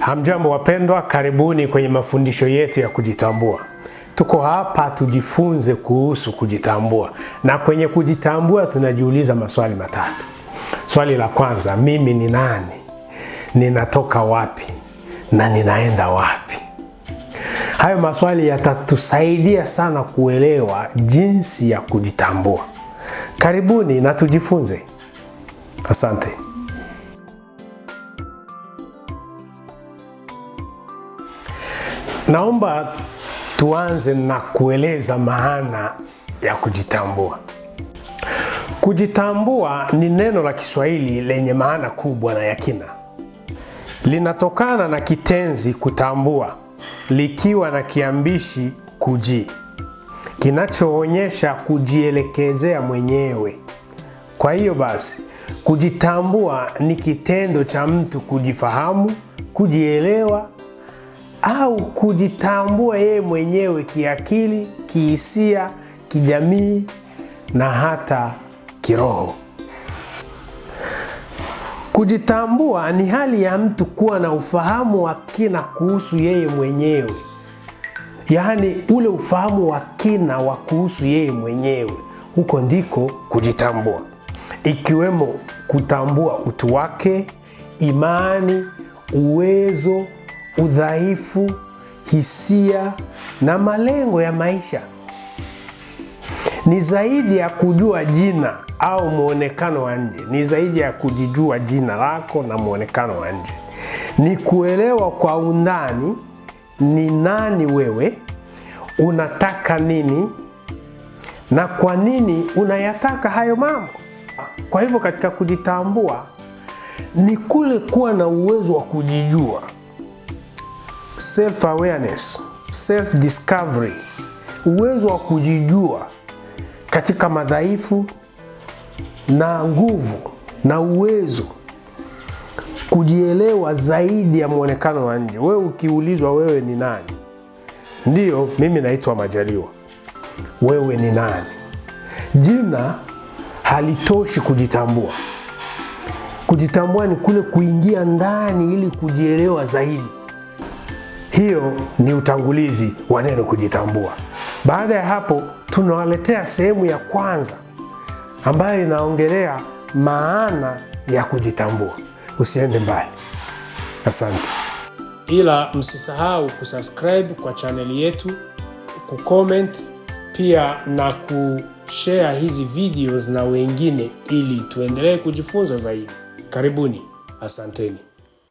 Hamjambo wapendwa, karibuni kwenye mafundisho yetu ya kujitambua. Tuko hapa tujifunze kuhusu kujitambua, na kwenye kujitambua tunajiuliza maswali matatu. Swali la kwanza, mimi ni nani? Ninatoka wapi? Na ninaenda wapi? Hayo maswali yatatusaidia sana kuelewa jinsi ya kujitambua. Karibuni na tujifunze. Asante. Naomba tuanze na kueleza maana ya kujitambua. Kujitambua ni neno la Kiswahili lenye maana kubwa na ya kina. Linatokana na kitenzi kutambua likiwa na kiambishi kuji, kinachoonyesha kujielekezea mwenyewe. Kwa hiyo basi, kujitambua ni kitendo cha mtu kujifahamu, kujielewa au kujitambua yeye mwenyewe kiakili, kihisia, kijamii na hata kiroho. Kujitambua ni hali ya mtu kuwa na ufahamu wa kina kuhusu yeye mwenyewe, yaani ule ufahamu wa kina wa kuhusu yeye mwenyewe. Huko ndiko kujitambua, ikiwemo kutambua utu wake, imani, uwezo udhaifu, hisia na malengo ya maisha. Ni zaidi ya kujua jina au mwonekano wa nje. Ni zaidi ya kujijua jina lako na mwonekano wa nje. Ni kuelewa kwa undani ni nani wewe, unataka nini na kwa nini unayataka hayo mambo. Kwa hivyo katika kujitambua ni kule kuwa na uwezo wa kujijua self awareness, self discovery, uwezo wa kujijua katika madhaifu na nguvu na uwezo kujielewa zaidi ya mwonekano wa nje. Wewe ukiulizwa wewe ni nani? Ndiyo, mimi naitwa Majaliwa. Wewe ni nani? Jina halitoshi kujitambua. Kujitambua ni kule kuingia ndani ili kujielewa zaidi. Hiyo ni utangulizi wa neno kujitambua. Baada ya hapo, tunawaletea sehemu ya kwanza ambayo inaongelea maana ya kujitambua. Usiende mbali, asante. Ila msisahau kusubscribe kwa chaneli yetu, kucomment pia na kushare hizi videos na wengine, ili tuendelee kujifunza zaidi. Karibuni, asanteni.